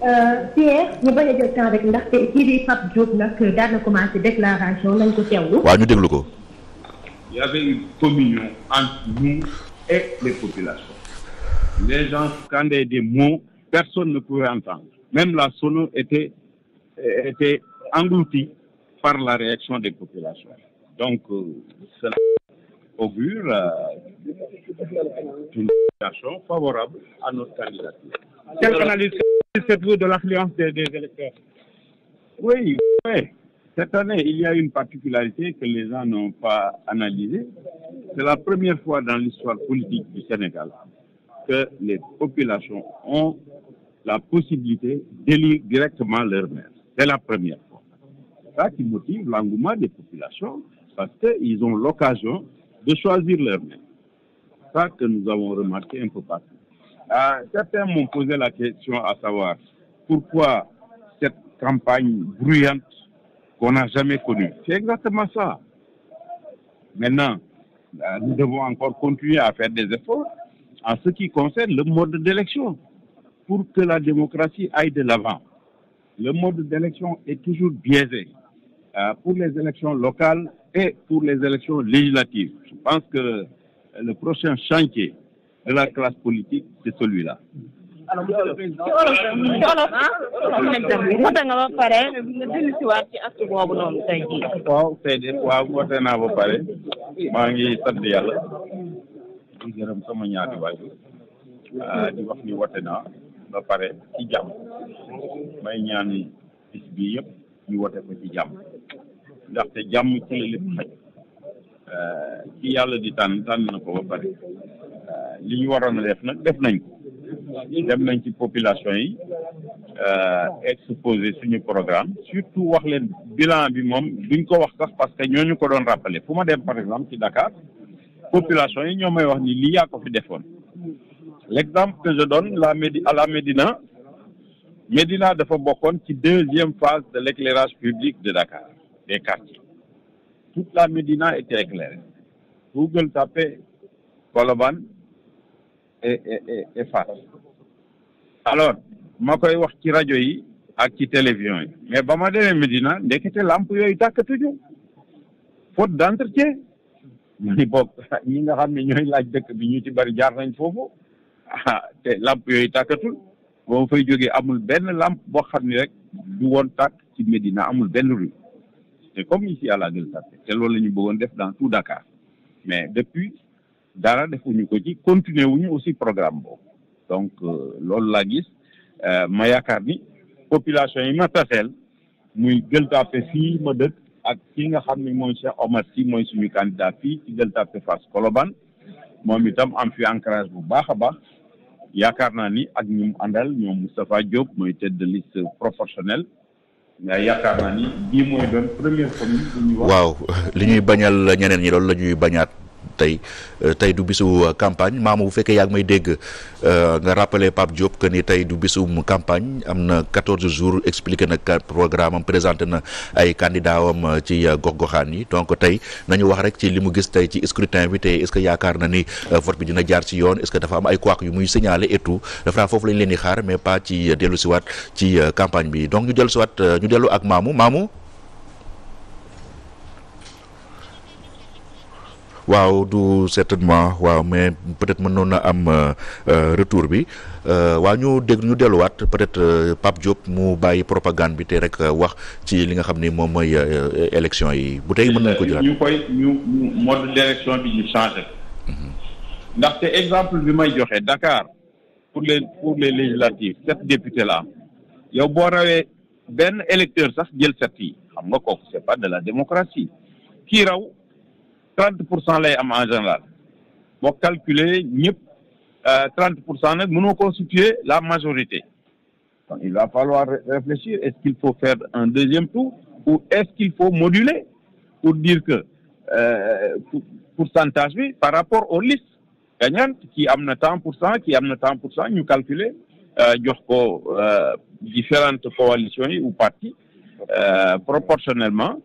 Euh, Pierre ñu bañ a temps rek ndaxte kii déclaration nañ ko teewlu. waaw ñu déglu il y avait une communion entre nous et les populations. les gens scandaient des mots personne ne pouvait entendre même la sono était était engloutie par la réaction des populations donc euh, cela augure euh, une favorable à notre candidature. satisfaites-vous de l'affluence des, des, électeurs Oui, Cette année, il y a une particularité que les gens n'ont pas analysée. C'est la première fois dans l'histoire politique du Sénégal que les populations ont la possibilité d'élire directement leur maire. C'est la première fois. Ça qui motive l'engouement des populations parce qu'ils ont l'occasion de choisir leur maire. Ça que nous avons remarqué un peu partout. Euh, certains m'ont posé la question à savoir pourquoi cette campagne bruyante qu'on n'a jamais connue. C'est exactement ça. Ah, nous devons encore continuer à faire des efforts en ce qui concerne le mode d'élection pour que la démocratie aille de l'avant. Le mode d'élection est toujours biaisé ah, pour les élections locales et pour les élections législatives. Je pense que le prochain chantier de la classe politique, c'est celui-là. waaw naa ba pare maa ngi sant yàlla di gërëm sama ñaari waajur di wax ni woote naa ba pare ci jàmm may ñaan bis bi yëpp ñu woote ko ci jàmm ndaxte jàmm ci la lépp ci yàlla di tànn tànn na ko ba pare. li ñu waroon a def nag def nañ ko dem nañ ci population yi euh, exposé suñu programme surtout wax leen bilan bi moom biñ ko wax sax parce que ñooñu ko doon rappelé fu ma dem par exemple ci Dakar population yi ñoo may wax ni lii yaa ko fi defoon l'exemple que je donne la Médi à la Médina dafa bokkoon ci deuxième phase de l'éclairage public de Dakar des quartiers toute la Médina était éclairée Google tapez Colobane et et e, e alors ma koy wax ci rajo yi ak ci télévision yi mais ba ma demee Medina ndekete lamp yooyu tàkkatuñu faute d'entretien ma ni boog ñi nga xam ne ñooy laaj dëkk bi ñu ci bari jaar nañ foofu ah te lamp yooyu tàkkatul boo fay jógee amul benn lamp boo xam ne rek du woon tàkk ci Medina amul benn rue c'est comme ici à la Gueule Tapée te loolu la ñu bëggoon def dans tout Dakar mais depuis dara defuñu ko ci continuer wuñu aussi programme boobu donc euh, loolu laa gis euh, ma yaakaar ni population yi ma taseel muy Gueule Tapée fii ma dëkk ak ki nga xam ne mooy Cheikh Omar Sy mooy suñu candidat fii ci Gueule Tapée Fass Colobane moom itam am fi ancrage bu baax a baax yaakaar naa ni ak ñum àndal ñoom Moustapha Diop mooy tête de liste proportionnelle nga yaakaar naa ni bii mooy doon première commune bu waaw li ñuy bañal ñeneen ñi loolu la ñuy bañaat tey euh, tey du bisu euh, campagne maamu bu fekkee yaa may dégg euh, nga rappeler Pape Diop que ni tey du bisum campagne am na quatorze jours expliqué na programme présente présenté na ay candidat am ci gox-goxaan yi donc tey nañu wax rek ci li mu gis tey ci scrutin bi tey est ce que yaakaar na ni vote bi dina jaar ci yoon est ce que dafa am ay couac yu muy signalé et tout dafa foofu lañ leen di xaar mais pas ci dellu siwaat ci campagne bi donc ñu dellu siwaat ñu dellu ak maamu maamu waaw du certainement waaw mais peut-être mënoon na am euh, euh, retour bi euh, waa ñu dégg ñu delluwaat peut-être Pape Diop mu bàyyi propagande bi te rek wax ci li nga xam ni moom mooy élection yi bu tey mën nañu ko jëlaat ñu koy ñu mode d'élection bi ñu ndax ndaxte exemple bi may joxe Dakar pour les pour les législatives sept députés la am yow boo rawee benn électeur sax jël sept yi xam nga kooku c'est pas de la démocratie kii raw trente pour cent lay am en général moo calculer ñëpp euh, trente pour cent nag mënoo constituer la majorité donc il va falloir réfléchir est-ce qu'il faut faire un deuxième tour ou est-ce qu'il faut moduler pour dire que euh, pourcentage bi par rapport aux listes gagnantes qui am na tant pour cent qui am na tant pour cent ñu calculer euh, jox ko euh, différentes coalitions yi ou partis euh, proportionnellement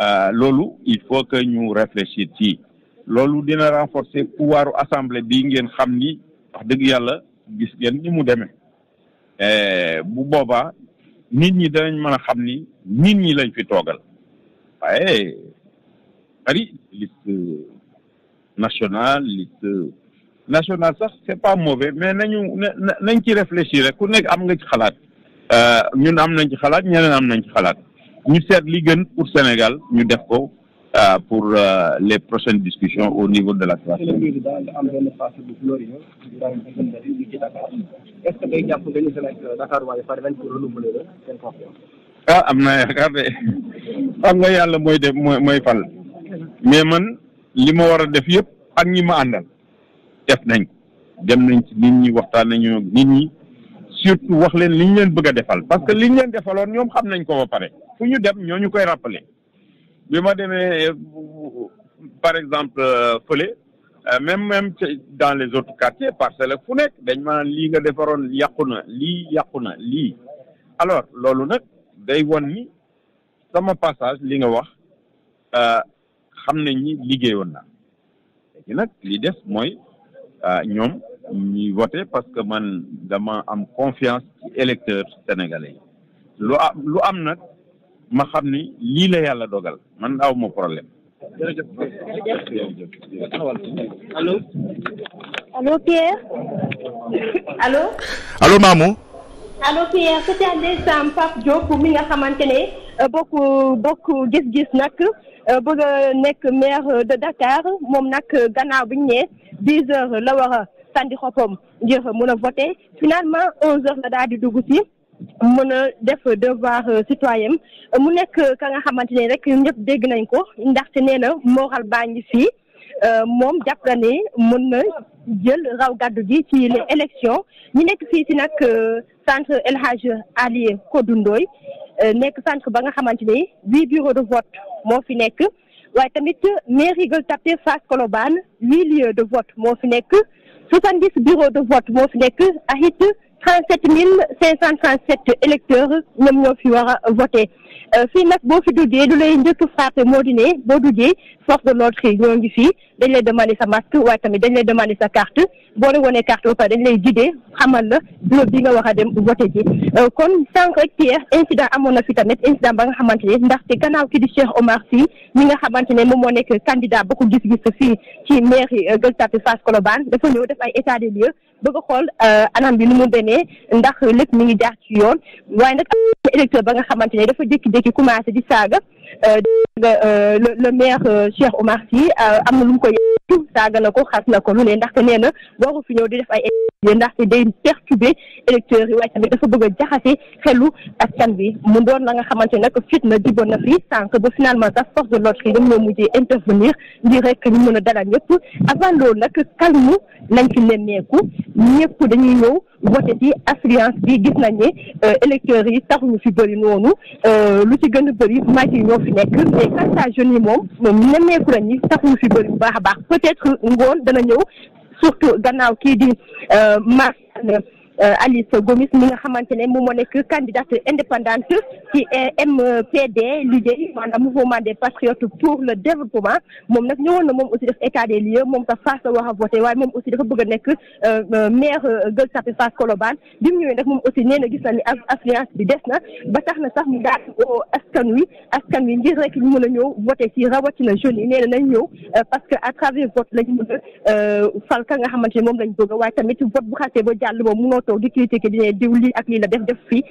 Euh, loolu il faut que ñu réfléchir ci loolu dina renforcer waaru assemblée bi ngeen xam ni wax dëgg yàlla gis ngeen ni mu demee euh, bu boobaa nit ñi danañ mën a xam ni nit ñi lañ fi toogal waaye bari liste nationale liste nationale sax c'est pas mauvais mais nañu nañ ci réfléchir rek ku nekk am nga ci xalaat euh, ñun am nañ ci xalaat ñeneen am nañ ci xalaat ñu seet li gën pour Sénégal ñu def ko euh, pour euh, les prochaines discussions au niveau de la CEDEAO. Euh, ah am na yaakaar de xam nga yàlla mooy def mooy mooy fal mais man li ma war a def yëpp ak ñi ma àndal def nañ dem nañ ci nit ñi waxtaan nañu ak nit ñi surtout wax leen li ñu leen bëgg a defal parce que li ñu leen defaloon ñoom xam nañ ko ba pare. fu ñu dem ñoo ñu koy rappeler bi ma demee par exemple fële même même dans les autres quartiers parcelle fu nekk dañ ma lii nga defaroon yàqu na lii yàqu na lii alors loolu nag day won ni sama passage li nga wax euh, xam nañ ni liggéeyoon na nag li des mooy euh, ñoom ñuy voté parce que man dama am confiance ci électeurs sénégalais yi lu am lu am nag ma xam ni lii la yàlla dogal man aw ma problème. jërëjëf allo. allo Pierre. alo allo Mamou. allo Pierre c'est un des Pape Diop mi nga xamante ne bokk bokk gis-gis nag bëgg a nekk maire de Dakar moom nag euh, gannaaw bi ñu ne dix heures la war a sànni xoppam ngir mën a voter finalement onze heures la daal di dugg si. mën a def devoir euh, citoyen mu nekk euh, ka nga xamante ne rek ñëpp dégg nañ ko ndaxte nee na moral baa ngi fii euh, moom jàpp na ne mën na jël raw gàddu gi ci les élections ñu nekk fii ci nag centre El Hadj Ali Codou Ndoye nekk centre ba nga xamante ne huit bureaux de vote moo fi nekk waaye tamit mairie Gueule Tapée Fass Colobane huit lieux de vote moo fi nekk soixante-dix bureaux de vote moo fi nekk ahit 37 537 électeurs ñoom ñoo fi war a voté Euh, fii nag boo fi duggee du lay njëkk fàtte moo boo duggee force de l'ordre yi ñoo ngi fii dañ lay demandé sa masque waaye tamit dañ lay demandé sa carte boo leen wanee carte ba pare dañ lay guidé xamal la bureau bi nga wax a dem vote ji euh, kon sànq rek incident amoon na fi tamit incident ba nga xamante ne ndaxte gannaaw ki di Cheikh Omar Sy mi nga xamante ne moom moo nekk candidat ba ko gis-gis fii ci mairie euh, Gueule Tapée Fass Colobane dafa ñëw def ay état a xool anam mu ngi jaar ci yoon waaye nag électeur ba nga xamante ne dafa jékki jékki-jékki commencé di saaga euh, euh, le le maire euh, Cheikh Omar Sy am na lu mu ko saaga na ko xas na ko lu ne ndaxte nee na fi def ay ndaxte day perturber électeurs yi waaye tamit dafa bëgg a jaxase xelu ak askan bi mu doon la nga xamante nag fitna diboon na fi sànq ba finalement sax force de l'ordre yi ñoom ñoo mujjee intervenir ngir rek ñu mën a dalal ñëpp avant loolu nag calme lañ fi nemmeeku ñëpp dañuy ñëw voté ci assurance bi gis nañ ne euh, électeurs yi taxuñu fi bëri noonu euh, lu ci gën a bëri màcc yi ñoo fi nekk mais quant à jeunes yi moom nemmeeku nañ ni taxuñu fi bëri bu baax a baax peut-être dana ñëw surtout gannaaw kii di euh, Marseille Euh, Alice Gomis mi nga xamante ne moom moo nekk candidate indépendante ci euh, MPD liggéey maanaam mouvement des patriotes pour le développement moom nag ñëwoon na moom aussi def état des lieux moom sax Fass la wax a voté waaye moom aussi dafa bëgg a nekk euh, maire Gueule Tapée Fass Colobane bi mu ñëwee nag moom aussi nee na gis na ni affluence bi des na ba tax na sax mu daal oo askan wi askan wi ngir rek ñu mën a ñëw voté ci rawatina jeunes yi nee nañ ñëw parce que à travers vote lañ mën a fal ka nga xamante ne moom lañ bëgg waaye tamit toog di critiquer di ne diw lii ak lii la def def fii